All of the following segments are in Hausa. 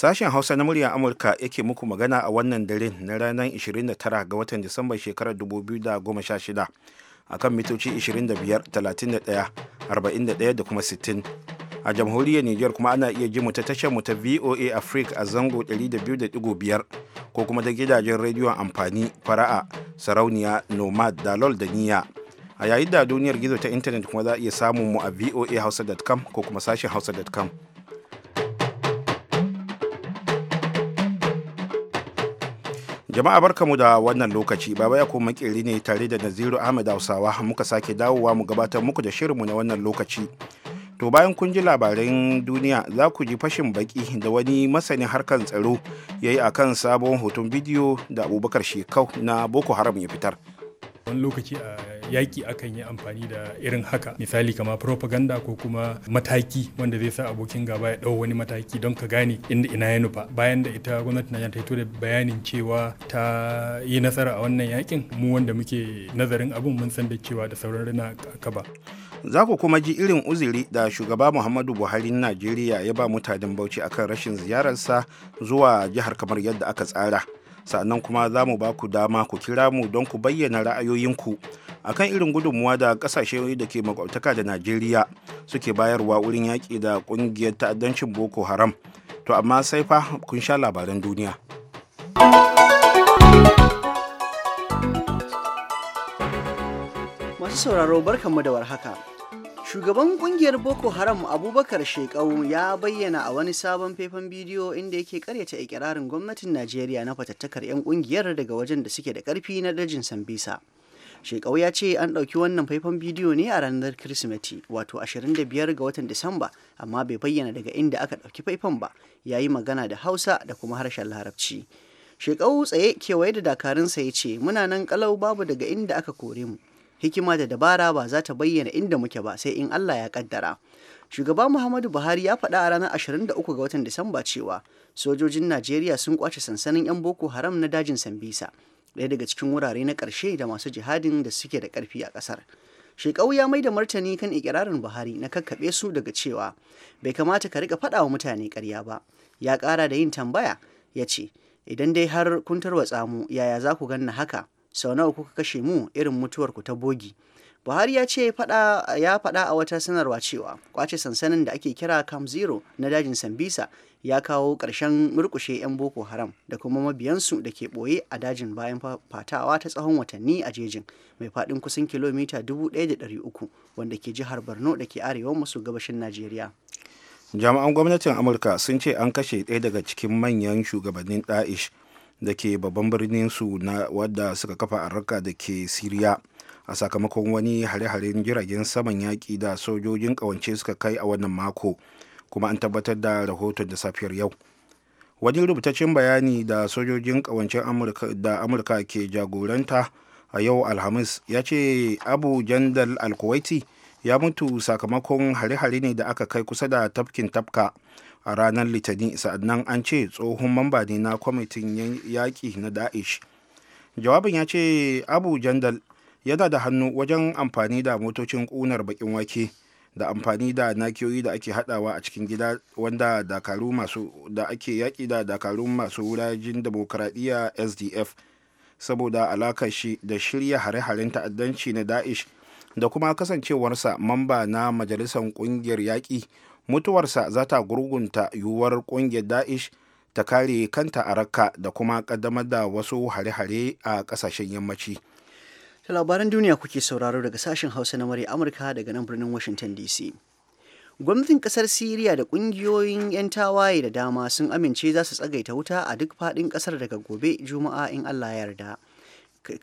Sashen Hausa na muryar Amurka yake muku magana a wannan dare na ranar 29 ga watan Disamba shekarar 2016 a kan mitoci 25, 31, 41 da kuma 60. A jamhuriyar Nijar kuma ana iya ji mu ta tashar mu ta VOA Africa a zango 200.5 ko kuma da gidajen rediyon amfani fara'a sarauniya nomad da lol da niya a yayin da duniyar gizo ta intanet kuma za a iya samun mu a voahausa.com ko kuma sashen hausa.com jama'a barkamu da wannan lokaci baba ya kuma makeri ne tare da naziru ahmed hausawa muka sake dawowa mu gabatar muku da shirinmu na wannan lokaci to bayan kun ji labarin duniya za ku ji fashin baki da wani masanin harkar tsaro ya yi a kan sabon hoton bidiyo da abubakar shekau na boko haram ya fitar wani lokaci a yaƙi akan yi amfani da irin haka misali kama propaganda ko kuma mataki wanda zai sa abokin gaba ya ɗau wani mataki don ka gane inda ina ya nufa bayan da ita gwamnati na ta hito da bayanin cewa ta yi nasara a wannan yakin mu wanda muke nazarin abin mun san da cewa da sauran rana kaba za ku kuma ji irin uziri da shugaba muhammadu buhari na najeriya ya ba mutanen bauchi akan rashin ziyararsa zuwa jihar kamar yadda aka tsara sannan kuma za mu ba ku dama ku kira mu don ku bayyana ra'ayoyinku akan irin gudunmuwa da kasashe da ke makwabtaka da najeriya suke bayarwa wurin yaƙi da ƙungiyar ta'addancin boko haram to amma sai fa kun sha labaran duniya masu sauraro barkanmu da warhaka shugaban kungiyar boko haram abubakar shekau ya bayyana a wani sabon faifan bidiyo inda yake karyata ikirarin gwamnatin najeriya na fatattakar 'yan kungiyar daga wajen da suke da ƙarfi na dajin sambisa shekau ya ce an ɗauki wannan faifan bidiyo ne a ranar kirsimeti wato 25 ga watan disamba amma bai bayyana daga inda aka ɗauki faifan ba ya yi magana da hausa da kuma harshen larabci shekau tsaye kewaye da dakarunsa ya ce muna nan kalau babu daga inda aka kore mu hikima da dabara ba za ta bayyana inda muke ba sai in allah ya kaddara shugaba muhammadu buhari ya faɗa a ranar 23 ga watan disamba cewa sojojin najeriya sun kwace sansanin 'yan boko haram na dajin sambisa ɗaya daga cikin wurare na ƙarshe da masu jihadin da suke da ƙarfi a ƙasar shekau ya mai da martani kan ikirarin buhari na kakkaɓe su daga cewa bai kamata ka riƙa faɗa wa mutane ƙarya ba ya ƙara da yin tambaya ya ce idan dai har kun tarwatsa mu yaya za ku ganna haka sau nawa kuka kashe mu irin mutuwarku ta bogi Buhari ya ce ya faɗa a wata sanarwa cewa kwace sansanin da ake kira Camp Zero na dajin Sambisa ya kawo ƙarshen murkushe 'yan Boko Haram da kuma mabiyansu da ke ɓoye a dajin bayan fatawa ta tsawon watanni a jejin mai faɗin kusan kilomita 1,300 wanda ke jihar Borno da ke arewa maso gabashin Najeriya. Jami'an gwamnatin Amurka sun ce an kashe ɗaya daga cikin manyan shugabannin Daesh da ke babban birnin su na wadda suka kafa a da ke Siriya. a sakamakon wani hare-haren jiragen saman yaƙi da sojojin ƙawance suka kai a wannan mako kuma an tabbatar da rahoton da safiyar yau wani rubutaccen bayani da sojojin ƙawancen da amurka ke jagoranta a yau alhamis ya ce abu jandal alkuwaiti ya mutu sakamakon hare-hare ne da aka kai kusa da tafkin tafka a ranar litani sa'annan an ce tsohon mamba ne na kwamitin yaƙi na da'ish jawabin ya ce abu jandal yana da hannu wajen amfani da motocin ƙunar bakin wake da amfani da nakiyoyi da ake hadawa a cikin gida wanda dakaru masu da ake yaƙi da dakarun masu wurajin demokuraɗiyya sdf saboda alakar shi da shirya hare-haren ta'addanci na daesh da kuma kasancewarsa mamba na majalisar ƙungiyar yaƙi mutuwarsa za ta gurgunta yiwuwar ƙungiyar daesh ta kare kanta a rakka da kuma ƙaddamar da wasu hare-hare a ƙasashen yammaci. Ta labaran duniya kuke sauraro daga sashen Hausa na mari Amurka daga nan birnin Washington DC. Gwamnatin kasar Siriya da kungiyoyin 'yan tawaye da dama sun amince za su tsagaita wuta a duk fadin kasar daga gobe Juma'a in Allah ya yarda.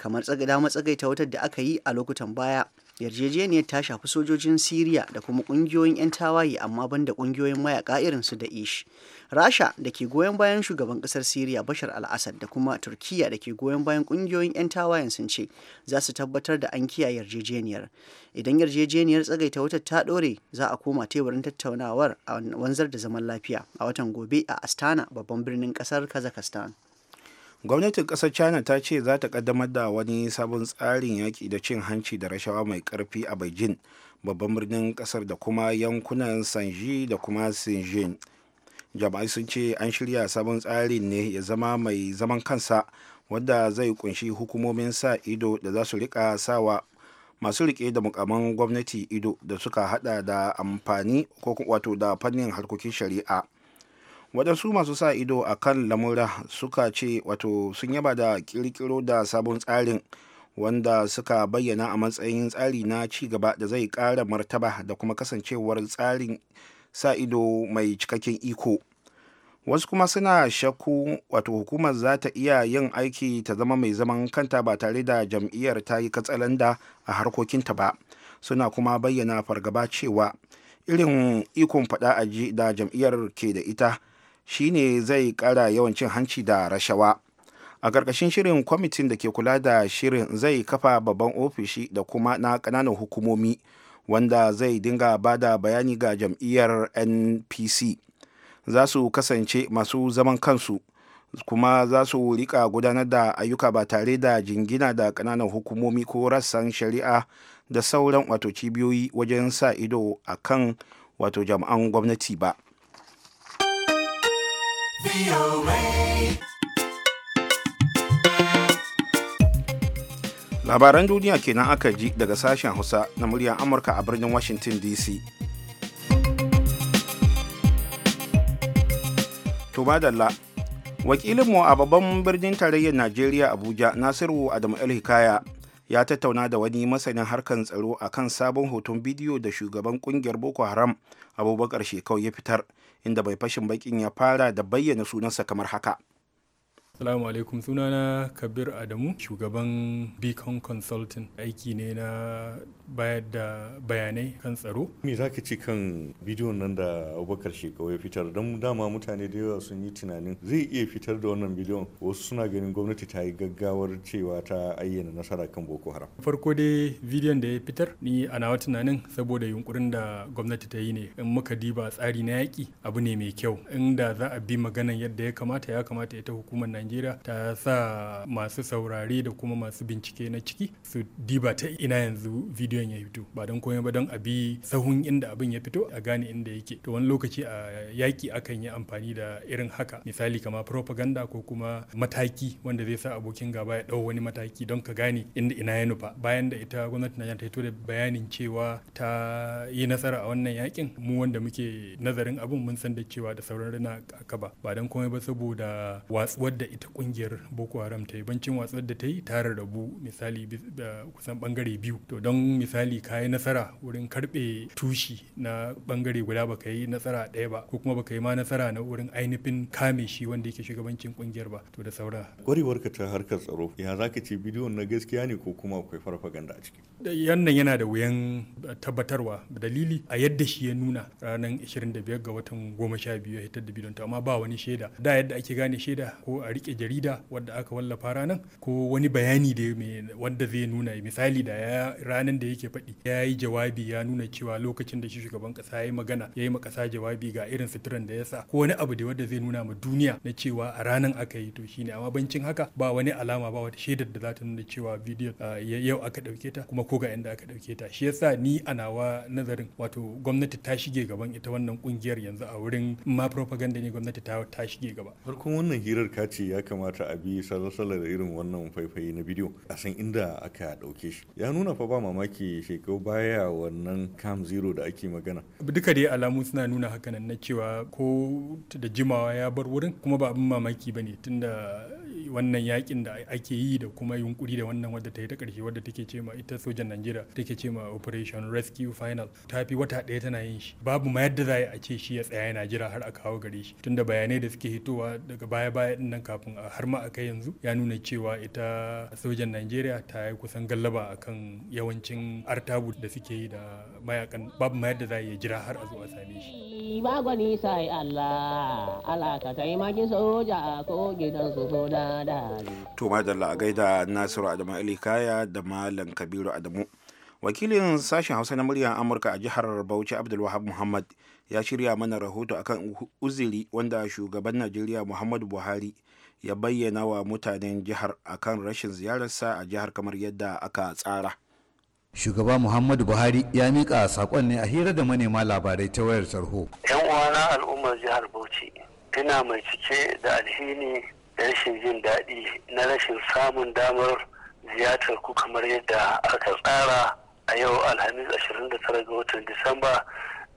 Kamar dama tsagaita wutar da aka yi a lokutan baya yarjejeniyar ta shafi sojojin siriya da kuma kungiyoyin 'yan tawaye amma banda kungiyoyin mayaka irin su da ish rasha da ke goyon bayan shugaban kasar siriya bashar al-assad da kuma turkiyya da ke goyon bayan kungiyoyin 'yan tawayen sun ce za su tabbatar da an kiyaye yarjejeniyar idan yarjejeniyar tsagaita wutar ta dore za a koma teburin tattaunawar a wanzar da zaman lafiya a watan gobe a astana babban birnin kasar kazakhstan gwamnatin ƙasar china ta ce za ta kaddamar da wani sabon tsarin yaƙi da cin hanci da rashawa mai ƙarfi a beijing babban birnin ƙasar da kuma yankunan sanji da kuma sinjin jama'ai sun ce an shirya sabon tsarin ne ya zama mai zaman kansa wanda zai kunshi hukumomin sa ido da za su rika sawa masu rike da mukaman gwamnati ido da suka hada da amfani ko wato da fannin harkokin shari'a waɗansu masu sa ido a kan lamura suka ce wato sun yaba da kirkiro da sabon tsarin wanda suka bayyana a matsayin tsari na ci gaba da zai kara martaba da kuma kasancewar tsarin sa ido mai cikakken iko wasu kuma suna shakku wato hukumar za ta iya yin aiki ta zama mai zaman kanta ba tare da jam'iyyar ta yi katsalanda a harkokinta ba suna kuma bayyana fargaba cewa irin ikon faɗa aji da jam'iyyar ke da ita shine zai kara yawan cin hanci da rashawa a ƙarƙashin shirin kwamitin da ke kula da shirin zai kafa babban ofishi da kuma na ƙananan hukumomi wanda zai dinga ba da bayani ga jam'iyyar npc za su kasance masu zaman kansu kuma za su rika gudanar da ayyuka ba tare da jingina da ƙananan hukumomi ko rassan shari'a da sauran wato cibiyoyi wajen sa ido a kan wato jam'an gwamnati ba Labaran duniya kenan aka ji daga sashen Hausa na muryar Amurka a birnin Washington DC. Tubadalla wakilinmu a babban birnin tarayyar Najeriya Abuja Nasiru Adamu El Hikaya ya tattauna da wani masanin harkar tsaro a kan sabon hoton bidiyo da shugaban kungiyar boko haram abubakar shekau ya fitar inda bai fashin bakin ya fara da bayyana sunansa kamar haka Salamu alaikum sunana Kabir Adamu shugaban Beacon Consulting aiki ne na bayar da bayanai kan tsaro. Me za ka ci kan bidiyon nan da Abubakar Shekau ya fitar don dama mutane da yawa sun yi tunanin zai iya fitar da wannan bidiyon wasu suna ganin gwamnati ta yi gaggawar cewa ta ayyana nasara kan Boko Haram. Farko dai bidiyon da ya fitar ni a nawa tunanin saboda yunkurin da gwamnati ta yi ne in muka diba tsari na yaƙi abu ne mai kyau inda za a bi maganan yadda ya kamata ya kamata ita hukumar Najeriya ta sa masu saurare da kuma masu bincike na ciki su diba ta ina yanzu bidiyon bidiyon ya fito ba don komai ba don a bi sahun inda abin ya fito a gane inda yake to wani lokaci a yaki akan yi amfani da irin haka misali kama propaganda ko kuma mataki wanda zai sa abokin gaba ya dau wani mataki don ka gane inda ina ya nufa bayan da ita gwamnati na ta fito da bayanin cewa ta yi nasara a wannan yakin mu wanda muke nazarin abin mun san da cewa da sauran rana aka ba ba don komai ba saboda watsuwar da ita kungiyar boko haram ta yi bancin watsuwar da ta yi ta rarrabu misali kusan bangare biyu to don misali ka yi nasara wurin karɓe tushi na bangare guda ba ka yi nasara ɗaya ba ko kuma ba ka yi ma nasara na wurin ainihin kame shi wanda yake shugabancin kungiyar ba to da saura ka ta harkar tsaro ya za ka ce bidiyon na gaskiya ne ko kuma akwai farfaganda a ciki yannan yana da wuyan tabbatarwa dalili a yadda shi ya nuna ranar 25 ga watan 12 ya hitar da bidiyon ta amma ba wani shaida da yadda ake gane shaida ko a rike jarida wadda aka wallafa ranar ko wani bayani da wanda zai nuna misali da ranar da ya yake faɗi ya yi jawabi ya nuna cewa lokacin da shi shugaban kasa ya yi magana ya yi ma kasa jawabi ga irin suturan da ya sa ko wani abu da wanda zai nuna ma duniya na cewa a ranar aka yi to shi ne amma bancin haka ba wani alama ba wata shaidar da za ta nuna cewa bidiyo yau aka ɗauke ta kuma ko ga inda aka ɗauke ta shi yasa ni a nawa nazarin wato gwamnati ta shige gaban ita wannan kungiyar yanzu a wurin ma propaganda ne gwamnati ta ta shige gaba farkon wannan hirar ka ce ya kamata a bi sallar da irin wannan faifai na bidiyo a san inda aka ɗauke shi ya nuna fa ba mamaki ake shekau baya wannan cam zero da ake magana duka dai alamu suna nuna hakanan na cewa ko da jimawa ya bar wurin kuma ba abin mamaki ba ne tunda wannan yakin da ake yi da kuma yunkuri da wannan wadda ta yi ta karshe wadda take ce ma ita sojan Najeriya take ce ma Operation Rescue Final ta fi wata ɗaya tana yin shi babu ma yadda za a ce shi ya tsaya yana jira har a kawo gare shi tunda bayanai da suke hitowa daga baya baya din nan kafin har ma a kai yanzu ya nuna cewa ita sojan Najeriya ta yi kusan gallaba akan yawancin artabu da suke yi da mayakan babu mayar da za jira har a zo a same shi. Ba gwani sai Allah, Allah ka taimaki soja ko gidan su ko dadali. To madalla a gaida Nasiru Adamu Ali Kaya da Malam Kabiru Adamu. Wakilin sashen Hausa na muryar Amurka a jihar Bauchi Abdulwahab Muhammad ya shirya mana rahoto akan uziri wanda shugaban Najeriya Muhammadu Buhari ya bayyana wa mutanen jihar akan rashin ziyararsa a jihar kamar yadda aka tsara. shugaba muhammadu buhari ya mika sakon ne a hira da manema labarai ta wayar tarho yan uwana al'ummar jihar bauchi ina mai cike da alhini da rashin jin daɗi na rashin samun damar ziyartar ku kamar yadda aka tsara a yau alhamis 29 ga watan disamba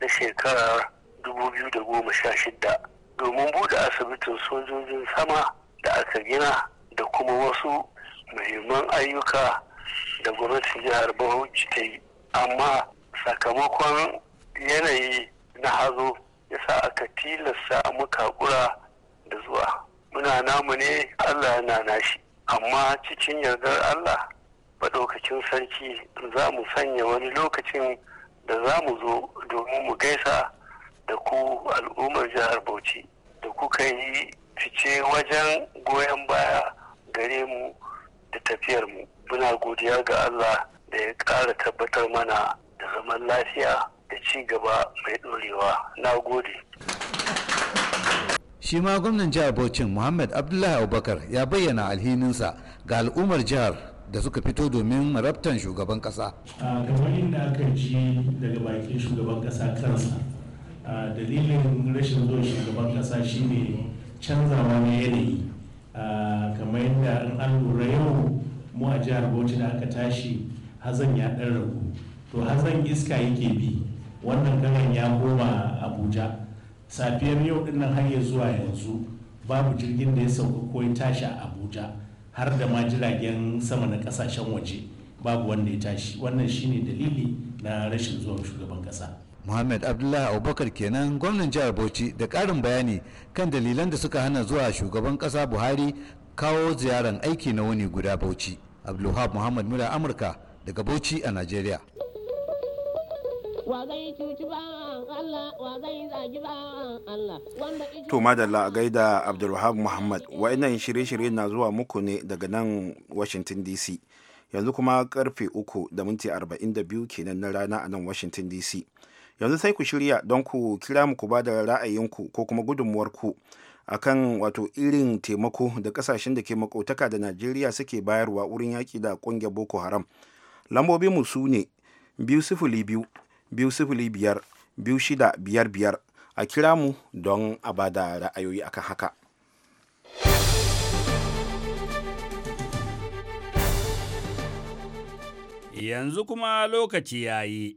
na shekarar 2016 domin buɗe asibitin sojojin sama da aka gina da kuma wasu muhimman ayyuka da gwamnatin jihar Bauchi ta yi amma sakamakon yanayi na hazo ya sa aka tilasta muka da zuwa muna namu ne Allah na nashi amma cikin yardar Allah maɗaukacin sarki za mu sanya wani lokacin da za mu zo domin mu gaisa da ku al'ummar jihar Bauchi da kuka yi fice wajen goyon baya gare mu da tafiyar mu. muna godiya ga Allah da ya ƙara tabbatar mana da zaman lafiya da ci gaba mai ɗorewa na gode shi ma gwamnan jihar Bauchin Muhammad Abdullahi Abubakar ya bayyana alhininsa ga al'ummar jihar da suka fito domin marabtan shugaban kasa. kamar da aka ji daga bakin shugaban kasa kansa dalilin rashin zuwa shugaban kasa shine canzawa na yanayi kamar yadda an lura yau mu a jihar bauchi da aka tashi hazan ya ɗan ragu to hazan iska yake bi wannan karan ya koma abuja safiyar yau din nan har ya zuwa yanzu babu jirgin da ya sauka ko ya tashi a abuja har da ma jiragen sama na kasashen waje babu wanda ya tashi wannan shine dalili na rashin zuwan shugaban kasa Muhammad Abdullahi Abubakar kenan gwamnan jihar Bauchi da ƙarin bayani kan dalilan da suka hana zuwa shugaban ƙasa Buhari kawo ziyaran aiki na wuni guda Bauchi. abdulhab muhammad mura amurka daga bauchi a nigeria To madalla a gaida Abdulwahab Muhammad wa'annan shirye-shirye na zuwa muku ne daga nan Washington DC. Yanzu kuma karfe uku da minti 42 kenan na rana a nan Washington DC. yanzu sai ku shirya don ku kira mu ku ba da ra'ayinku ko kuma gudunmuwarku akan wato irin taimako da kasashen da ke makotaka da najeriya suke bayarwa wurin yaƙi da ƙungiyar boko haram lambobin mu su ne biyu sifili biyu biyu sifili biyar biyu shida biyar biyar a kira mu don a ba da ra'ayoyi akan haka yanzu kuma lokaci ya yi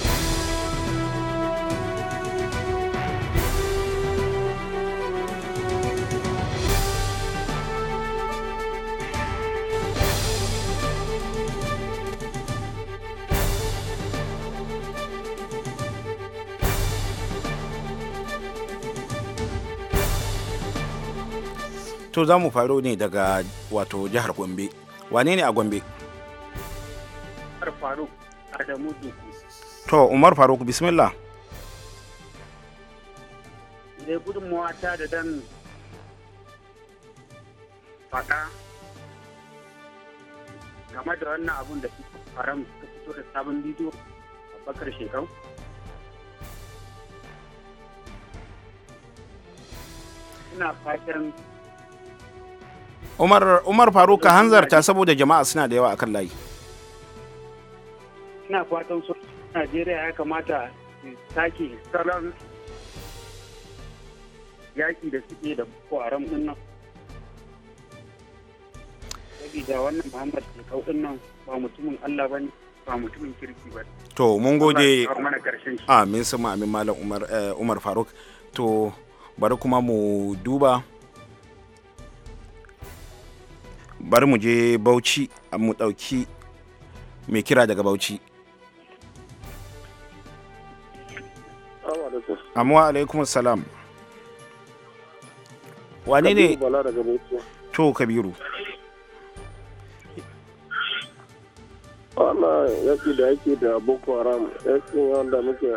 to za mu faro ne daga wato jihar gombe wane ne a gombe faruk adamu to umar faruk bismillah da gudunmawa ta da dan faɗa game da wannan abun da suka faram suka fito da sabon bidiyo a bakar shekaru ina fatan umar umar faruk ka hanzarta saboda jama'a suna da yawa akan layi ina fatan su najeriya ya kamata sake salon yaki da suke da boko haram din nan sabida wannan muhammad ke kauɗin nan ba mutumin allah ba ne ba mutumin kirki ba to mun gode amin sama amin malam eh, umar faruk to bari kuma mu duba bari mu je bauchi mu ɗauki mai kira daga bauchi amma alaikum salam wane ne to kabiru wannan yaki da yake da boko haram fi wanda muke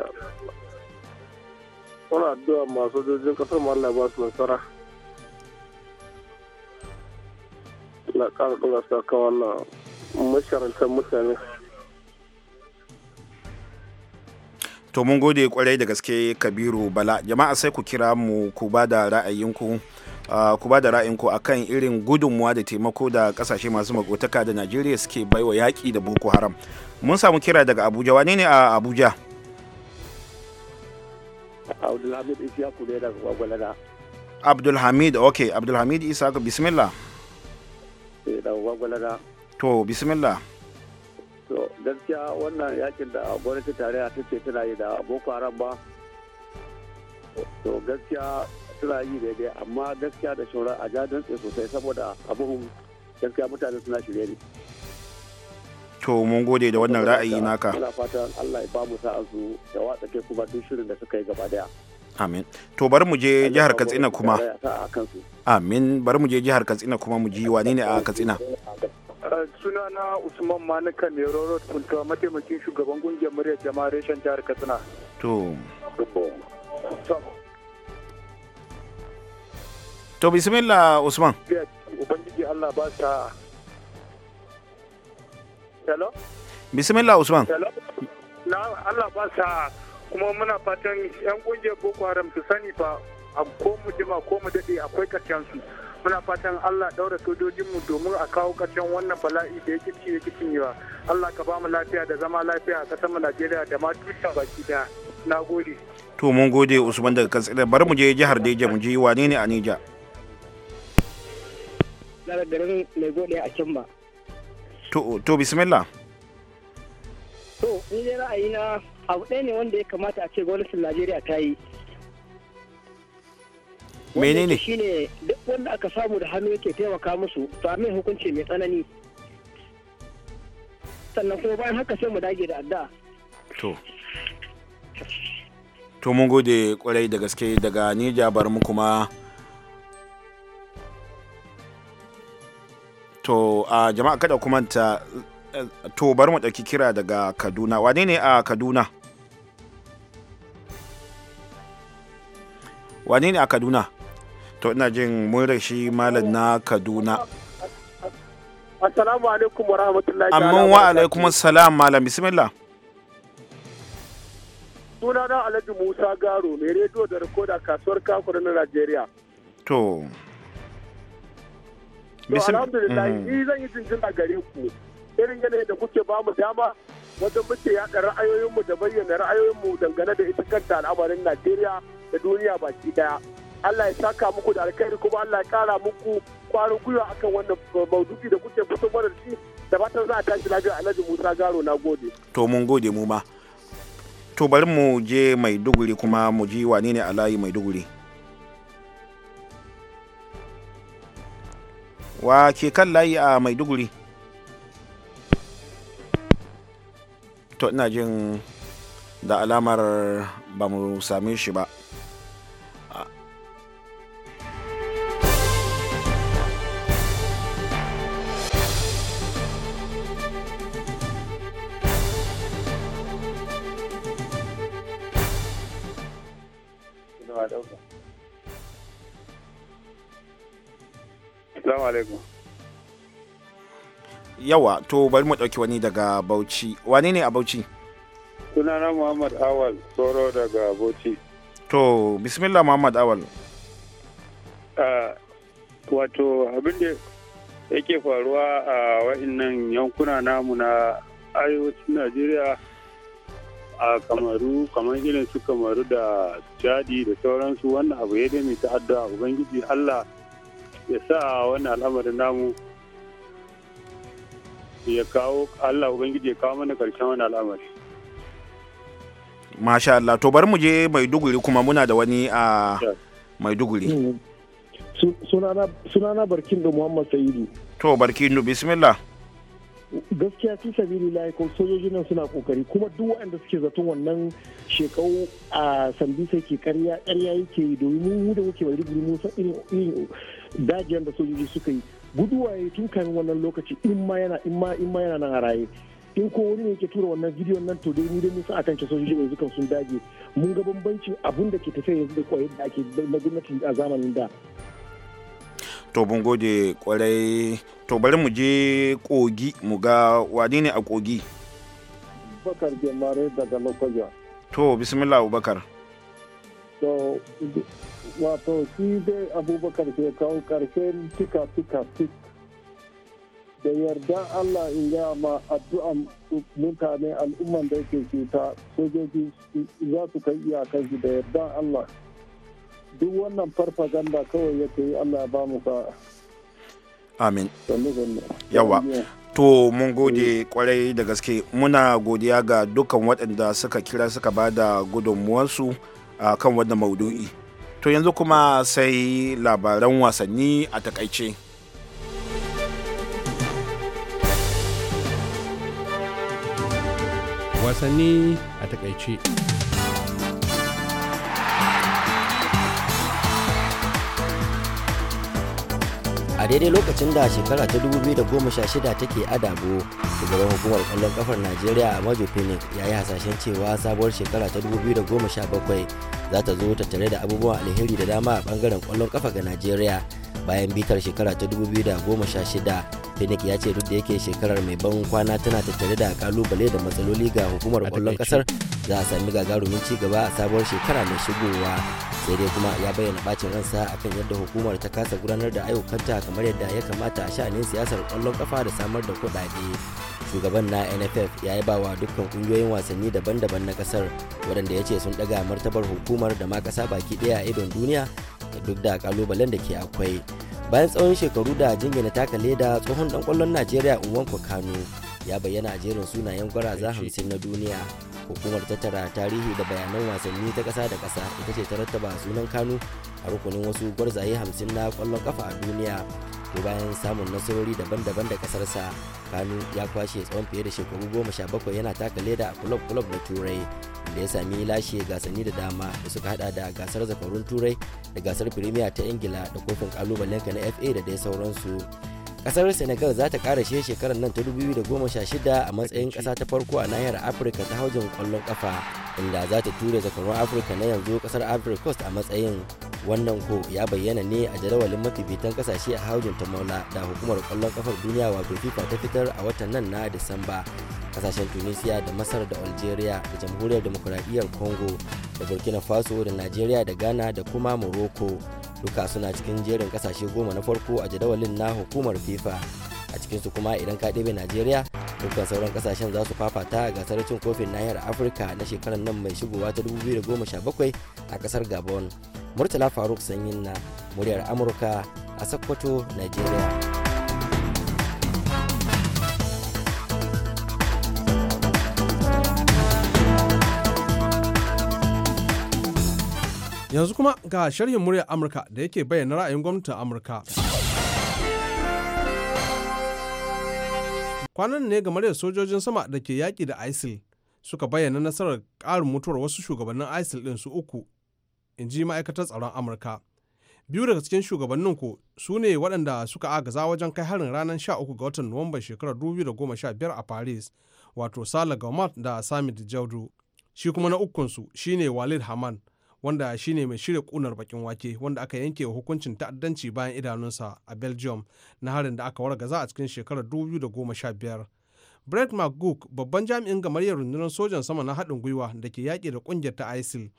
muna addu'a masu jirgin kasar ma Allah ba su nasara mutane to mun gode kwarai da gaske kabiru bala jama'a sai ku kira mu ku ba da ra'ayinku ku ba da ra'ayinku a kan irin gudunmuwa da taimako da kasashe masu makotaka da najeriya suke baiwa yaƙi da boko haram mun samu kira daga abuja wane ne a abuja abdulhamid isa ku daga gwagwalada abdulhamid ok abdulhamid bismillah da gwagwalada. To, bismillah. To, gaskiya wannan yakin da gwamnati tarayya ta ce tana yi da Boko Haram ba. To, gaskiya tana yi daidai amma gaskiya da shauran a jadon sosai saboda abubuwan gaskiya mutane suna shirye ne. to mun gode da wannan ra'ayi naka. Muna fatan Allah ya bamu sa'a su da watsa ke kuma duk shirin da suka yi gaba daya. amin to bari mu je jihar katsina kuma amin bari mu je jihar katsina kuma mu ji wani ne a katsina sunana usman manika mai rorot kuntuwa mataimakin shugaban kungiyar muryar jama'a reshen jihar katsina to to bismillah usman ubangiji allah ba ta hello bismillah usman hello na allah ba ta kuma muna fatan 'yan kungiyar boko haram su sani fa a ko mu jima ko mu dade akwai karshen su muna fatan Allah daura sojojinmu domin a kawo karshen wannan bala'i da yake ciye cikin yawa Allah ka ba mu lafiya da zama lafiya a kasar mu Najeriya da ma dukkan baki da na to mun gode Usman daga Katsina bari mu je jihar Deje mu je wane ne a Neja daga garin mai gode a can ba to to bismillah To, ni dai na abu ɗaya ne wanda ya kamata a ce gwamnatin Najeriya ta yi. Menene? Shi ne duk wanda aka samu da hannu yake taimaka musu, to a mai hukunci mai tsanani. Sannan kuma bayan haka sai mu dage da adda To. To mun gode kwarai da gaske daga Nija bar mu kuma To a jama'a kada ta Eh, to bari mu ɗauki kira daga kaduna wane ne a kaduna wane ne a kaduna to ina jin murar shi malam na kaduna assalamu alaikum wa rahmatullahi amma wa alaikum assalam malam bismillah suna na alhaji musa garo mai rediyo da rikoda kasuwar kakuri na najeriya to alhamdulillah mm. ni zan yi a gare ku irin yanayin da kuke ba mu dama wajen muke yaɗa ra'ayoyinmu da bayyana ra'ayoyinmu dangane da ita kanta al'amarin Najeriya da duniya baki daya. Allah ya saka muku da alkhairi kuma Allah ya kara muku kwarin gwiwa akan wannan maudu'i da kuke fito mana da shi da fatan za a tashi lafiya Alhaji Musa Garo na gode. To mun gode mu ma. To bari mu je Maiduguri kuma mu ji wane ne a layi Maiduguri. Wa ke kan layi a Maiduguri? to ina jin da alamar ba mu same shi ba Assalamu alaikum. yawa to bari mu ɗauki wani daga bauchi wane ne a bauchi sunana muhammad awal tsoro daga bauchi to bismillah muhammad awal wato abin da yake faruwa a wa'annan yankuna namu na arewacin najeriya a kamaru kamar irin su kamaru da jadi da sauransu wannan abu ya dame ta addu'a ubangiji allah ya sa wannan al'amarin namu ya kawo Allah ubangiji ya kawo mana karshen wani al'amari masha Allah to bari mu je Maiduguri kuma muna da wani a Maiduguri mm. sunana barkindo Muhammad Sayidu. to barkindo bismillah gaskiya fi sabili layi ko sojoji nan suna kokari kuma duk waɗanda suke zaton wannan shekau a sambisa ke karya karya yake yi domin mu da muke mai riguri mun san irin dajiyar da sojoji suka yi guduwa ya tun kan wannan lokaci in ma yana in ma in ma yana nan a raye in ko wani ne yake tura wannan bidiyon nan to dai ni dai nisa akan ce sojoji yanzu kan sun dage mun ga bambanci abun da ke tafiya yanzu da kwaye da ake na gwamnati a zamanin da to mun gode kwarai to bari mu je kogi mu ga wani ne a kogi bakar jamare daga lokaja to bismillah abubakar to wato shi dai abubakar ke kawo karshen tika tika tik da yarda allah in ya ma addu'an mutane al'umman da yake cuta sojoji za su kai iyakansu da yarda allah duk wannan farfaganda kawai yake yi allah ya ba mu sa'a amin yawa to mun gode kwarai da gaske muna godiya ga dukkan waɗanda suka kira suka ba da gudunmuwarsu a kan wannan maudu'i. to yanzu kuma sai labaran wasanni a takaice wasanni a takaice a daidai lokacin da shekara ta 2016 take adabo shugaban hukumar kwallon kafar najeriya a majo phoenix ya yi hasashen cewa sabuwar shekara ta 2017 za ta zo ta tare da abubuwan alheri da dama a bangaren kwallon kafa ga najeriya bayan bitar shekara ta 2016 phoenix ya ce duk da yake shekarar mai ban kwana tana tattare da kalubale da matsaloli ga hukumar kwallon kasar za a sami gagarumin ci gaba a sabuwar shekara mai shigowa sai dai kuma ya bayyana bacin ransa akan yadda hukumar ta kasa gudanar da ayyukanta kamar yadda ya kamata a sha'anin siyasar kwallon kafa da samar da kuɗaɗe shugaban na nff ya yi bawa dukkan kungiyoyin wasanni daban-daban na kasar waɗanda ya ce sun ɗaga martabar hukumar da ma ƙasa baki ɗaya a idon duniya duk da kalubalen da ke akwai bayan tsawon shekaru da jingina taka leda tsohon dan kwallon najeriya unwanko kano ya bayyana a jerin sunayen gwaraza hamsin na duniya hukumar tattara tarihi da bayanan wasanni ta ƙasa da ƙasa ita ce ta rattaba sunan kanu a rukunin wasu gwarzaye hamsin na kwallon kafa a duniya to bayan samun nasarori daban-daban da ƙasarsa kanu ya kwashe tsawon fiye da shekaru goma sha bakwai yana taka leda a kulob-kulob na turai da ya sami lashe gasanni da dama da suka hada da gasar zakarun turai da gasar firimiya ta ingila da kofin kalubalen na fa da dai sauransu kasar senegal za ta shi shekarar nan ta 2016 a matsayin kasa ta farko a nahiyar afirka ta haujin kwallon kafa inda za ta ture zakarun afirka na yanzu kasar ivory coast a matsayin wannan ko ya bayyana ne a jadawalin mafifitan kasashe a haujin ta maula da hukumar kwallon kafar duniya wato fifa ta fitar a watan nan na disamba kasashen tunisia da masar da algeria da jamhuriyar demokuraɗiyyar congo da burkina faso da nigeria da ghana da kuma morocco duka suna cikin jerin kasashe goma na farko a jadawalin na hukumar fifa a cikinsu kuma idan ka ɗebe najeriya dukkan sauran kasashen za su fafata a gasar cin kofin nahiyar afirka na shekarar nan mai shigowa ta 2017 a kasar gabon murtala faruk sanyin na muryar amurka a sokoto najeriya Yanzu kuma ga sharhin muryar Amurka da yake bayyana ra'ayin gwamnatin Amurka. Kwanan ne ga da sojojin sama da ke yaƙi da ISIL suka bayyana nasarar ƙarin mutuwar wasu shugabannin ISIL ɗin su uku, in ji ma'aikatar tsaron Amurka. Biyu daga cikin shugabannin ku su ne waɗanda suka agaza wajen kai harin ranar 13 ga watan Nuwamban shekarar 2015 a Paris, wato sala gomat da Samit Jaudu. Shi kuma na ukunsu shine Walid Haman, wanda shi ne mai shirya kunar bakin wake wanda aka yanke wa hukuncin ta'addanci bayan idanunsa a belgium na harin da aka wargaza a cikin shekarar 2015 brett mcgook babban jami'in gamaryar rundunar sojan sama na haɗin gwiwa da ke yaƙi da ƙungiyar ta isil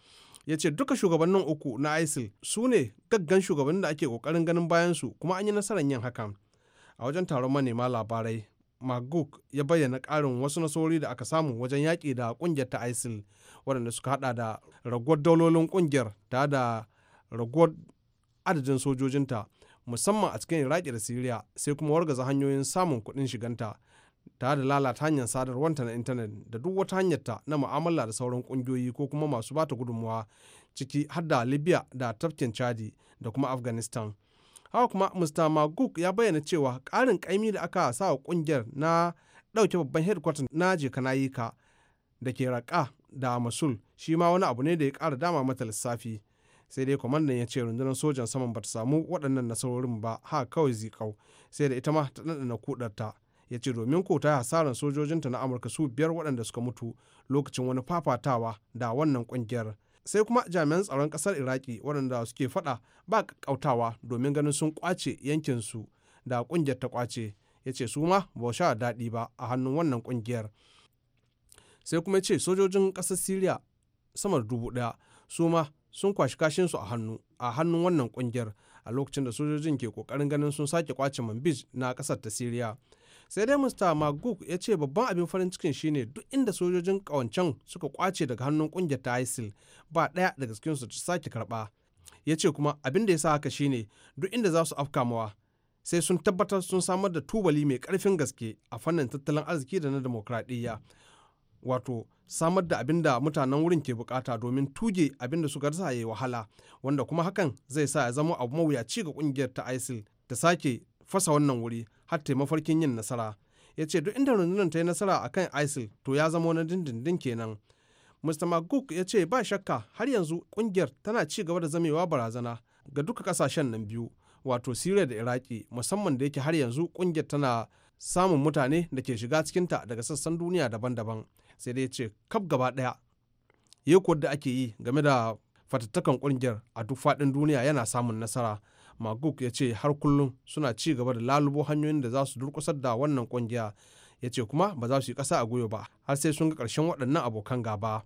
ya ce duka shugabannin uku na isil su ne gaggan shugabannin da ake ƙoƙarin ganin bayansu kuma an yi nasarar yin hakan a wajen taron manema labarai maguk ya bayyana ƙarin wasu nasarori da aka samu wajen yaƙi da ƙungiyar ta isil waɗanda suka hada da raguwar daulolin ƙungiyar ta da raguwar adadin sojojinta musamman a cikin iraki da siriya sai kuma wargaza hanyoyin samun kuɗin shiganta ta da lalata hanyar sadarwanta na intanet da duk wata hanyarta na mu'amala da sauran ƙungiyoyi ko kuma masu bata gudunmuwa ciki har da libya da tafkin chadi da kuma afghanistan haka kuma mr maguk ya bayyana cewa ƙarin ƙaimi da aka sa wa ƙungiyar na dauke babban headquarters na ka da ke raka da masul shi ma wani abu ne da ya ƙara dama mata lissafi sai dai kwamandan ya ce rundunar sojan saman ba ta samu waɗannan nasarorin ba ha kawai zikau sai da ita ma ta ɗanɗana kudarta ya ce domin ko ta hasaran sojojinta na amurka su biyar waɗanda suka mutu lokacin wani fafatawa da wannan ƙungiyar sai kuma jami'an tsaron kasar iraki waɗanda suke faɗa ba kautawa domin ganin sun kwace yankinsu da ƙungiyar ta kwace ya ce su ma ba sha daɗi ba a hannun wannan kungiyar sai kuma ce sojojin ƙasar siriya sama da dubu ɗaya su ma sun kwashi kashinsu a hannu a hannun wannan ƙungiyar a lokacin da sojojin ke ƙoƙarin ganin sun sake kwace manbij na ƙasar ta siriya sai dai mista maguk ya ce babban abin farin cikin shine duk inda sojojin kawancan suka kwace daga hannun kungiyar ta isil ba ɗaya daga cikinsu ta sake karba ya ce kuma abin da ya sa haka shine duk inda za su afka mawa sai sun tabbatar sun samar da tubali mai karfin gaske a fannin tattalin arziki da na demokradiyya wato samar da abin da mutanen wurin ke bukata domin tuge abin da suka rasa ya yi wahala wanda kuma hakan zai sa ya zama abu mawuyaci ga kungiyar ta isil ta sake fasa wannan wuri har ta mafarkin yin nasara ya ce duk inda rundunar ta yi nasara a kan isil to ya zama na dindindin kenan mr mcgook ya ce ba shakka har yanzu kungiyar tana ci gaba da zamewa barazana ga duka kasashen nan biyu wato syria da iraki musamman da yake har yanzu kungiyar tana samun mutane da ke shiga cikinta daga sassan duniya daban-daban sai dai ce kaf gaba daya yi da ake yi game da fatattakan kungiyar a duk faɗin duniya yana samun nasara maguk ya ce har kullum suna ci gaba da lalubo hanyoyin da za su durkusar da wannan kungiya ya ce kuma ba za su yi ƙasa a goyo ba har sai sun ga ƙarshen waɗannan abokan gaba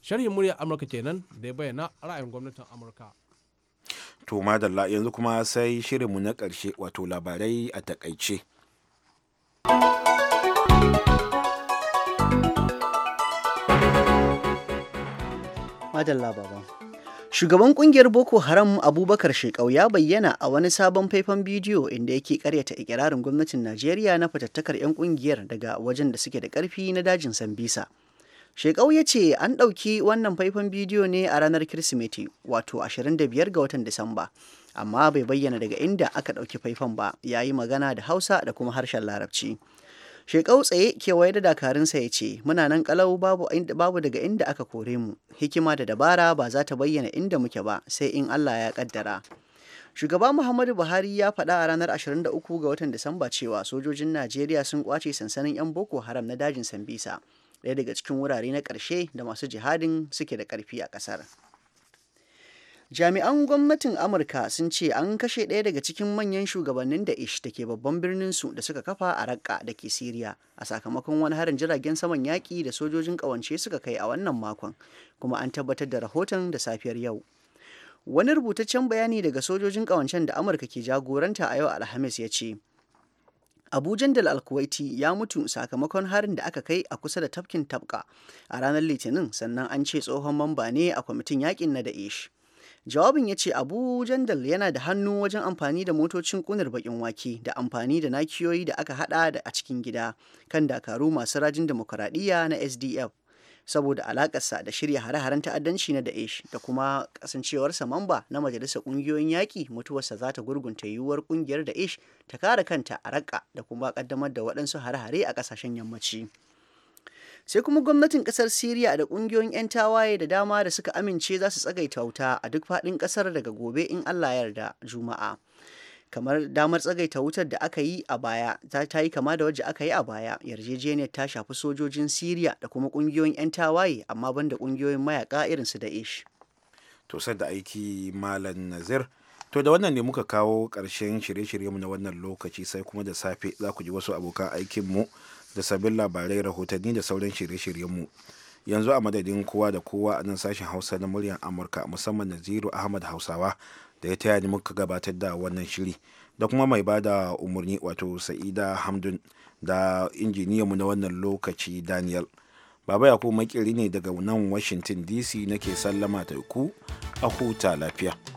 sharhin muryar amurka kenan da ya bayyana ra'ayin gwamnatin amurka to madalla yanzu kuma sai shirinmu na ƙarshe wato labarai a takaice madalla baban. Shugaban kungiyar Boko Haram Abubakar Shekau ya bayyana a wani sabon faifan bidiyo inda yake karyata ikirarin gwamnatin Najeriya na fatattakar 'yan kungiyar daga wajen da suke da karfi na dajin Sambisa. Shekau ya ce an ɗauki wannan faifan bidiyo ne a ranar Kirsimeti, wato 25 ga watan Disamba, amma bai bayyana daga inda aka ɗauki faifan ba, ya yi magana da Hausa da kuma harshen Larabci. Shekau tsaye kewaye da dakarunsa ya ce, Muna nan kalau babu, daga inda aka kore mu, hikima da dabara ba za ta bayyana inda muke ba, sai in Allah ya kaddara. Shugaba Muhammadu Buhari ya faɗa a ranar 23 ga watan Disamba cewa sojojin Najeriya sun kwace sansanin 'yan Boko Haram na dajin Sambisa, ɗaya daga cikin wurare na ƙarshe da masu jihadin suke da ƙarfi a ƙasar. Jami'an gwamnatin Amurka sun ce an kashe ɗaya daga cikin manyan shugabannin da ish da ke babban birnin su da suka kafa a Raqqa da ke Siriya a sakamakon wani harin jiragen saman yaƙi da sojojin ƙawance suka kai a wannan makon, kuma an tabbatar da rahoton da safiyar yau. Wani rubutaccen bayani daga sojojin ƙawancen da Amurka ke jagoranta a yau Alhamis ya ce, Abu Jandal Alkuwaiti ya mutu sakamakon harin da aka kai a kusa da tafkin Tabka a ranar Litinin sannan an ce tsohon mamba ne a kwamitin yakin na da ish. jawabin ya ce abu jandal yana da hannu wajen amfani da motocin kunar bakin wake da amfani da nakiyoyi da aka hada da a cikin gida kan dakaru masu rajin demokuraɗiyya na sdf saboda alakarsa da shirya hare-haren ta'addanci na Daesh da kuma kasancewarsa mamba na majalisar ƙungiyoyin yaƙi mutuwarsa za ta gurgunta yiwuwar ƙungiyar Daesh ta kare kanta a raƙa da kuma ƙaddamar da waɗansu hare-hare a ƙasashen yammaci. sai kuma gwamnatin kasar Siriya da kungiyoyin 'yan tawaye da dama da suka amince za su tsagaita wuta a duk faɗin kasar daga gobe in Allah yarda Juma'a. kamar damar tsagaita wutar da aka yi a baya ta yi kama da waje aka yi a baya yarjejeniyar ta shafi sojojin Siriya da kuma kungiyoyin 'yan tawaye amma banda kungiyoyin mayaka irin su da ish to sai da aiki malam nazir to da wannan ne muka kawo ƙarshen shirye-shiryenmu na wannan lokaci sai kuma da safe za ku ji wasu abokan aikinmu da sabbin labarai rahotanni da sauran shirye-shiryenmu yanzu a madadin kowa da kowa a nan sashen hausa na muryar amurka musamman naziru ahmad hausawa da ya taya ni muka gabatar da wannan shiri da kuma mai bada umarni wato sa'ida hamdun da injiniyanmu na wannan lokaci daniel baba yakubu makiri ne daga nan washington dc nake sallama ta ku a huta lafiya